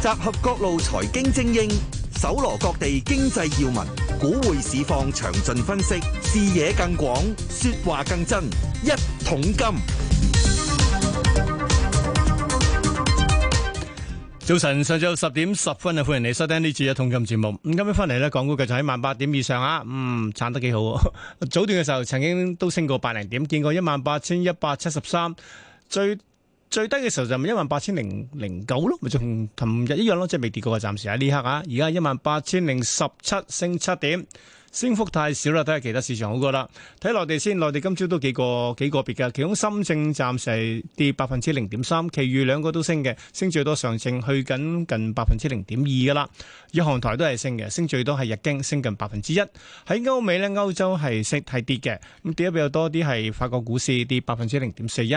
集合各路財經精英，搜羅各地經濟要聞，股匯市況詳盡分析，視野更廣，說話更真。一桶金。早晨，上晝十點十分啊，歡迎你收聽呢次一桶金節目。咁今日翻嚟咧，港股繼續喺萬八點以上啊，嗯，撐得幾好 早段嘅時候曾經都升過八零點，見過一萬八千一百七十三，最。最低嘅時候就咪一萬八千零零九咯，咪就同尋日一樣咯，即係未跌過啊！暫時喺呢刻啊，而家一萬八千零十七，升七點。升幅太少啦，睇下其他市場好過啦。睇內地先，內地今朝都幾個幾個別嘅，其中深證暫時係跌百分之零點三，其餘兩個都升嘅，升最多上證去緊近百分之零點二嘅啦。日韓台都係升嘅，升最多係日經升近百分之一。喺歐美呢，歐洲係升係跌嘅，咁跌得比較多啲係法國股市跌百分之零點四一，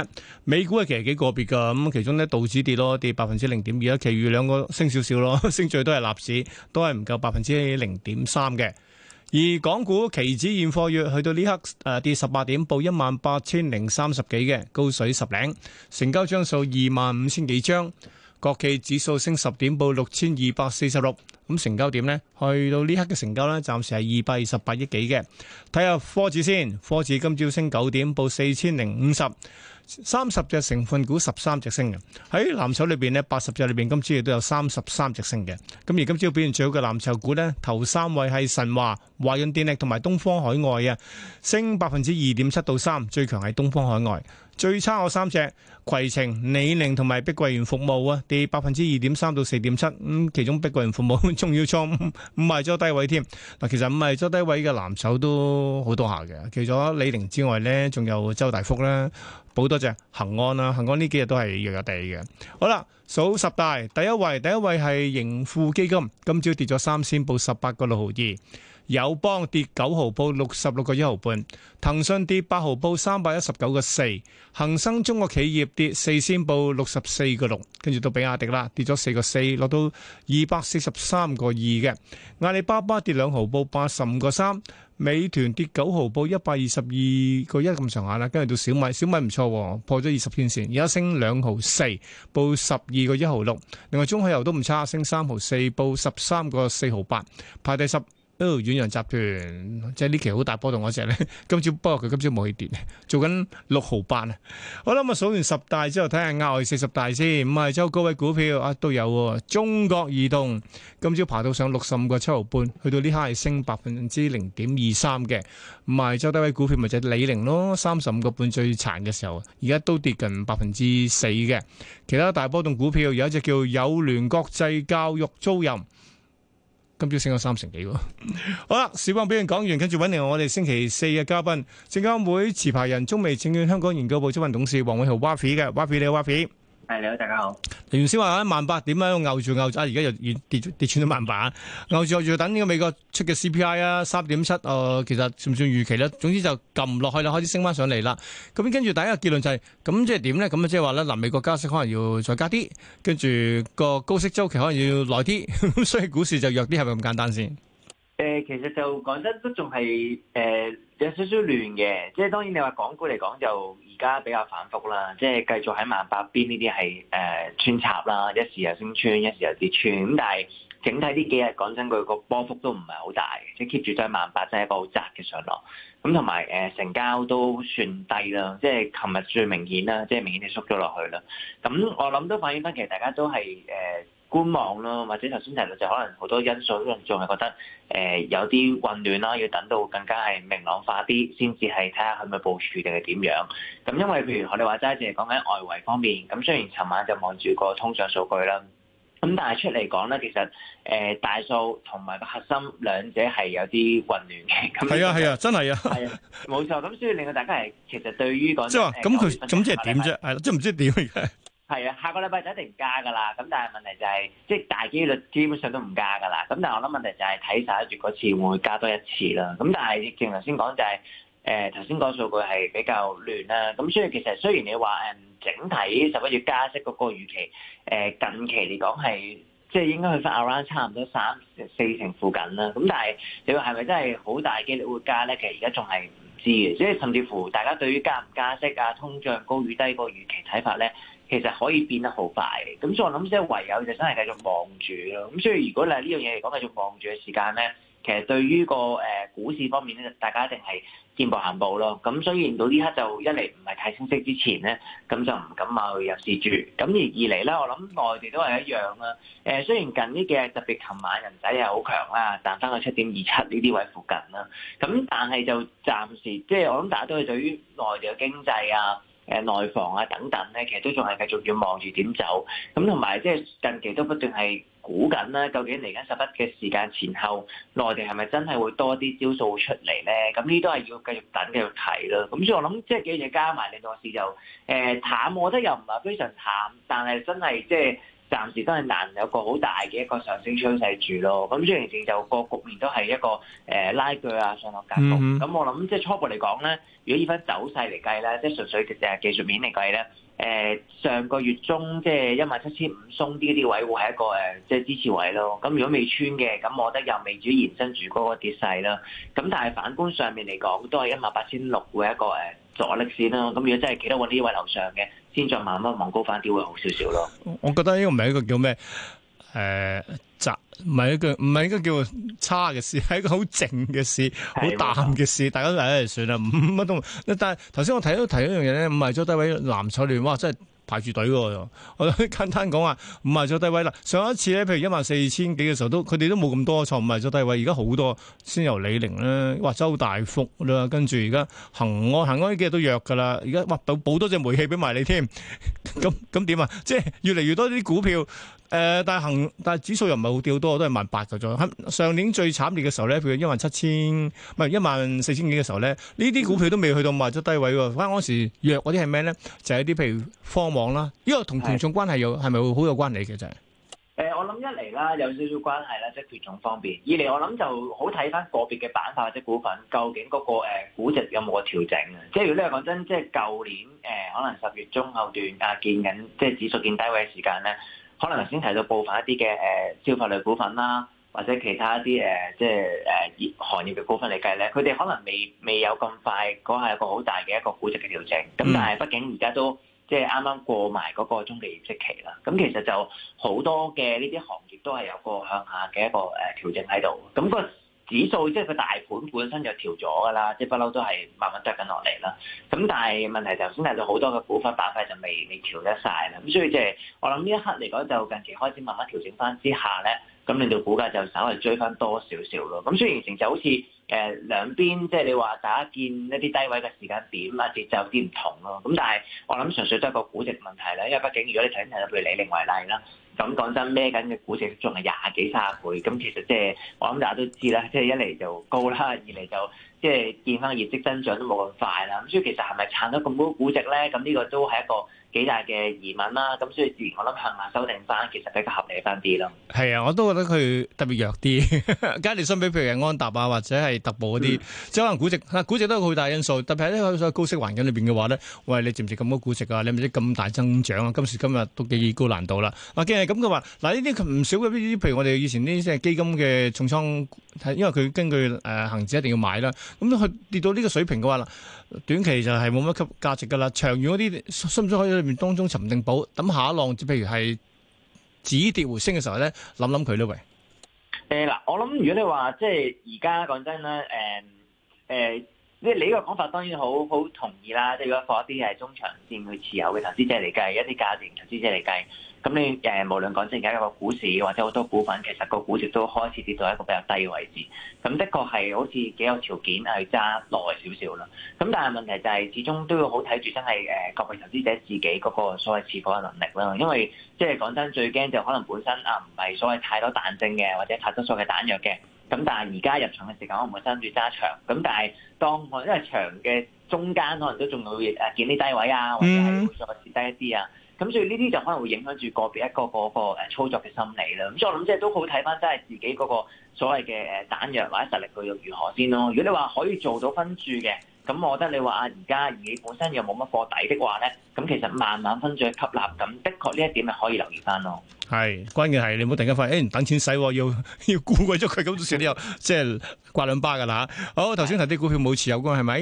美股係其實幾個別嘅，咁其中呢，道指跌咯，跌百分之零點二啦，其餘兩個升少少咯，升最多係納指，都係唔夠百分之零點三嘅。而港股期指現貨月去到呢刻，誒、呃、跌十八點，報一萬八千零三十幾嘅高水十零，成交張數二萬五千幾張。國企指數升十點，報六千二百四十六。咁成交點呢去到呢刻嘅成交呢，暫時係二百二十八億幾嘅。睇下科指先，科指今朝升九點，報四千零五十。三十隻成分股十三隻升嘅。喺藍籌裏邊呢，八十隻裏邊今朝亦都有三十三隻升嘅。咁而今朝表現最好嘅藍籌股呢，頭三位係神華、華潤電力同埋東方海外啊，升百分之二點七到三，最強係東方海外。最差嗰三隻，攜程、李寧同埋碧桂園服務啊，跌百分之二點三到四點七。咁其中碧桂園服務仲要創五二周低位添。嗱，其實五二周低位嘅藍籌都好多下嘅，除咗李寧之外呢，仲有周大福啦。報多隻恒安啦，恒安呢幾日都係弱弱地嘅。好啦，數十大，第一位，第一位係盈富基金，今朝跌咗三千報十八個六毫二。友邦跌九毫，報六十六個一毫半；騰訊跌八毫，報三百一十九個四；恒生中國企業跌四仙，報六十四個六。跟住到比亞迪啦，跌咗四個四，落到二百四十三個二嘅。阿里巴巴跌兩毫，報八十五個三；美團跌九毫，報一百二十二個一咁上下啦。跟住到小米，小米唔錯，破咗二十天線，而家升兩毫四，報十二個一毫六。另外，中海油都唔差，升三毫四，報十三個四毫八，排第十。都遠、哦、洋集團，即係呢期好大波動嗰隻咧。今朝不過佢今朝冇去跌，做緊六毫八啊。我諗我數完十大之後，睇下額外四十大先。唔係，周高位股票啊都有啊，中國移動今朝爬到上六十五個七毫半，去到呢刻係升百分之零點二三嘅。唔係，周低位股票咪就係李寧咯，三十五個半最殘嘅時候，而家都跌近百分之四嘅。其他大波動股票有一隻叫友聯國際教育租賃。今朝升咗三成幾喎，好啦，小王表演講完，跟住揾嚟我哋星期四嘅嘉賓，證監會持牌人、中美證券香港研究部執行董事黃偉豪，w 哇肥嘅，Waffy，哇肥你好，哇肥。哇係你好，大家好。原先話喺萬八點樣，咬住咬住，而家，啊、又跌跌穿咗萬八啊！咬住咬住等呢個美國出嘅 CPI 啊，三、呃、點七啊，其實算唔算預期咧？總之就撳落去啦，開始升翻上嚟啦。咁跟住第一個結論就係，是，咁即係點咧？咁即係話咧，嗱，美國加息可能要再加啲，跟住個高息周期可能要耐啲， 所以股市就弱啲，係咪咁簡單先？誒，其實就講真都仲係誒有少少亂嘅，即係當然你話港股嚟講就而家比較反覆啦，即係繼續喺萬八邊呢啲係誒穿插啦，一時又升穿，一時又跌穿，咁但係整體呢幾日講真，佢個波幅都唔係好大，即係 keep 住喺萬八，真係一個好窄嘅上落，咁同埋誒成交都算低啦，即係琴日最明顯啦，即係明顯你縮咗落去啦，咁我諗都反映翻其實大家都係誒。呃觀望咯，或者頭先提到就可能好多因素，都人仲係覺得誒、呃、有啲混亂啦，要等到更加係明朗化啲，先至係睇下佢咪部署定係點樣。咁因為譬如我哋話齋，淨係講緊外圍方面。咁雖然尋晚就望住個通脹數據啦，咁但係出嚟講咧，其實誒、呃、大數同埋核心兩者係有啲混亂嘅。咁係、係啊、啊係啊，真係啊，係 冇錯。咁所以令到大家係其實對於個即係話咁佢咁即係點啫？係即係唔知點係啊，下個禮拜就一定加㗎啦。咁但係問題就係、是，即係大機率基本上都唔加㗎啦。咁但係我諗問題就係睇曬一月嗰次會唔會加多一次啦。咁但係正如頭先講，就係誒頭先講數據係比較亂啦。咁所以其實雖然你話誒整體十一月加息嗰個預期，誒、呃、近期嚟講係即係應該去翻 around 差唔多三四成附近啦。咁但係你話係咪真係好大機率會加咧？其實而家仲係唔知嘅，即係甚至乎大家對於加唔加息啊、通脹高與低個預期睇法咧。其實可以變得好快嘅，咁所以我諗即係唯有就真係繼續望住咯。咁所以如果你係呢樣嘢嚟講繼續望住嘅時間咧，其實對於個誒股市方面咧，大家一定係見步行步咯。咁所以到呢刻就一嚟唔係太清晰之前咧，咁就唔敢話去入市住。咁而二嚟咧，我諗內地都係一樣啦。誒，雖然近呢幾日特別琴晚人仔係好強啦，彈翻去七點二七呢啲位附近啦。咁但係就暫時即係我諗大家都係對於內地嘅經濟啊。誒內房啊等等咧，其實都仲係繼續要望住點走，咁同埋即係近期都不斷係估緊啦，究竟嚟緊十一嘅時間前後，內地係咪真係會多啲招數出嚟咧？咁呢都係要繼續等，繼續睇咯。咁所以我諗即係幾隻加埋你同事就誒、呃、淡，我覺得又唔係非常淡，但係真係即係。暫時都係難有個好大嘅一個上升趨勢住咯，咁雖然就個局面都係一個誒、呃、拉鋸啊、上落格局，咁、嗯嗯、我諗即係初步嚟講咧，如果依番走勢嚟計咧，即、就、係、是、純粹就係技術面嚟計咧，誒、呃、上個月中即係一萬七千五鬆啲啲位會係一個誒即係支持位咯，咁如果未穿嘅，咁我覺得又未至於延伸住嗰個跌勢啦，咁但係反觀上面嚟講，都係一萬八千六會係一個誒阻力先啦，咁如果真係企得穩呢位樓上嘅，先再慢慢望高返啲會好少少咯。我覺得呢個唔係一個叫咩？誒、呃，雜唔係一個唔係應該叫差嘅事，係一個好靜嘅事，好的淡嘅事。錯大家、哎、都誒算啦，乜都。但係頭先我睇到提到一樣嘢咧，唔係咗低位藍彩聯，哇！真係～排住隊喎，我簡單講下，唔係做低位啦。上一次咧，譬如一萬四千幾嘅時候都，佢哋都冇咁多，錯唔係做低位。而家好多，先由李寧咧，哇，周大福啦，跟住而家恆安，恆安呢幾日都弱噶啦。而家哇，到補多隻煤氣俾埋你添，咁咁點啊？即係越嚟越多啲股票。誒、呃，但係但係指數又唔係好跌多，都係萬八嘅咗。上年最慘烈嘅時候咧，譬如一萬七千，唔係一萬四千幾嘅時候咧，呢啲股票都未去到賣咗低位喎。翻嗰時弱嗰啲係咩咧？就係、是、一啲譬如科網啦，呢個同權重關係又係咪會好有關係嘅、呃？就係誒，我諗一嚟啦，有少少關係啦，即係權重方面；二嚟我諗就好睇翻個別嘅板塊或者股份，究竟嗰、嗰個估、呃、值有冇個調整嘅。即係如果你講真，即係舊年誒、呃，可能十月中後段啊，見緊即係指數見低位嘅時間咧。可能頭先提到部分一啲嘅誒消費類股份啦，或者其他一啲誒即係誒業行業嘅股份嚟計咧，佢哋可能未未有咁快嗰個好大嘅一個估值嘅調整。咁但係畢竟而家都即係啱啱過埋嗰個中期業績期啦。咁其實就好多嘅呢啲行業都係有個向下嘅一個誒調整喺度。咁、嗰個。指數即係個大盤本，本身就調咗㗎啦，即係不嬲都係慢慢追緊落嚟啦。咁但係問題、就是，頭先提到好多嘅股份板塊就未未調得晒啦。咁所以即、就、係、是、我諗呢一刻嚟講，就近期開始慢慢調整翻之下咧，咁令到股價就稍微追翻多少少咯。咁雖然形成就好似誒、呃、兩邊即係、就是、你話大家見一啲低位嘅時間點啊節奏啲唔同咯。咁但係我諗純粹都係個估值問題啦，因為畢竟如果你睇睇到譬如你另外為例啦。咁講真，孭緊嘅估值仲係廿幾、三十倍？咁其實即係我諗大家都知啦，即係一嚟就高啦，二嚟就即係見翻個業績增長都冇咁快啦。咁所以其實係咪撐到咁高估值咧？咁呢個都係一個。幾大嘅疑問啦，咁所以自然我諗行下修訂翻，其實比較合理翻啲咯。係啊，我都覺得佢特別弱啲。假如相比，譬如安踏啊，或者係特步嗰啲，即可能估值，啊估值都好大因素。特別喺呢個所謂高息環境裏邊嘅話咧，喂，你值唔值咁多估值啊？你值唔值咁大增長啊？今時今日都幾高難度啦。嗱，嘅咁佢話嗱，呢啲唔少嘅譬如我哋以前啲即係基金嘅重倉，因為佢根據誒恒指一定要買啦。咁佢跌到呢個水平嘅話啦，短期就係冇乜吸價值噶啦。長遠嗰啲，需唔需要可以？當中尋定寶，等下一浪，即譬如係止跌回升嘅時候咧，諗諗佢呢位。誒，嗱，我諗如果你話即係而家講真啦，誒誒，即係、呃呃、你呢個講法，當然好好同意啦。即係如果放一啲係中長線去持有嘅投資者嚟計，一啲價值投資者嚟計。咁你誒無論講真，而家有個股市或者好多股份，其實個估值都開始跌到一個比較低嘅位置。咁的確係好似幾有條件去揸耐少少啦。咁但係問題就係始終都要好睇住，真係各位投資者自己嗰個所謂持貨嘅能力啦。因為即係講真，最驚就可能本身啊唔係所謂太多彈性嘅，或者太多數嘅彈藥嘅。咁但係而家入場嘅時間可能本身要揸長。咁但係當我因為長嘅中間可能都仲會誒見啲低位啊，或者係再蝕低一啲啊。咁所以呢啲就可能會影響住個別一個個個操作嘅心理啦。咁所以我諗即係都好睇翻，即係自己嗰個所謂嘅誒彈藥或者實力佢要如何先咯。如果你話可以做到分注嘅，咁我覺得你話啊而家而己本身又冇乜貨底的話咧，咁其實慢慢分注去吸納，咁的確呢一點咪可以留意翻咯。係關鍵係你唔好突然間發現等錢使，要要估鬼咗佢咁先，你又 即係刮兩巴噶啦好，頭先是、oh, 提啲股票冇持有㗎係咪？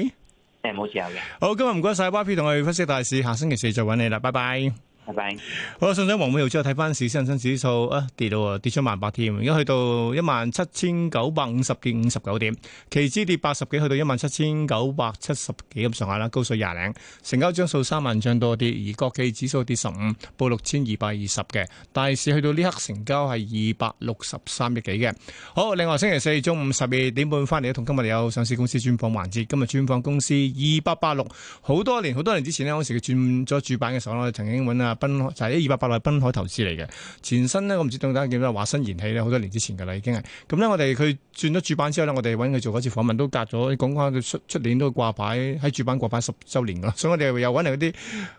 誒冇持有嘅。好、oh，今日唔該曬巴 P 同我哋分析大市，下星期四就揾你啦，拜拜。拜拜好啦，上張黃偉豪之後睇翻市恒生指數啊，跌到啊跌出萬八添，而家去到一萬七千九百五十點五十九點，59, 期指跌八十幾，去到一萬七千九百七十幾咁上下啦，高水廿零，成交張數三萬張多啲，而國企指數跌十五，報六千二百二十嘅，大市去到呢刻成交係二百六十三億幾嘅。好，另外星期四中午十二點半翻嚟同今日有上市公司專訪環節，今日專訪公司二八八六，好多年好多年之前呢，嗰時佢轉咗主板嘅時候咧，曾經揾啊。濱就係呢，二百八六係濱海投資嚟嘅，前身呢，我唔知道大家叫咩，華新燃氣咧好多年之前噶啦已經係，咁呢，我哋佢轉咗主板之後呢，我哋揾佢做嗰次訪問都隔咗，講翻佢出出年都掛牌喺主板掛牌十周年噶啦，所以我哋又揾嚟嗰啲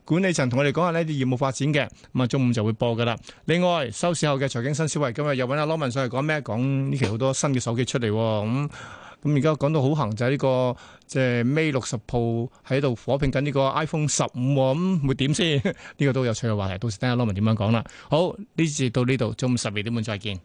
管理層同我哋講下呢啲業務發展嘅，咁啊中午就會播噶啦。另外收市後嘅財經新思維今日又揾阿羅文上嚟講咩？講呢期好多新嘅手機出嚟咁。嗯咁而家講到好行就係、是、呢個即係 Mate 60 Pro 喺度火拼緊呢個 iPhone 十五、嗯、喎，咁會點先？呢 個都有趣嘅話題，到時睇下羅文點樣講啦。好，呢節到呢度，中午十二點半再見。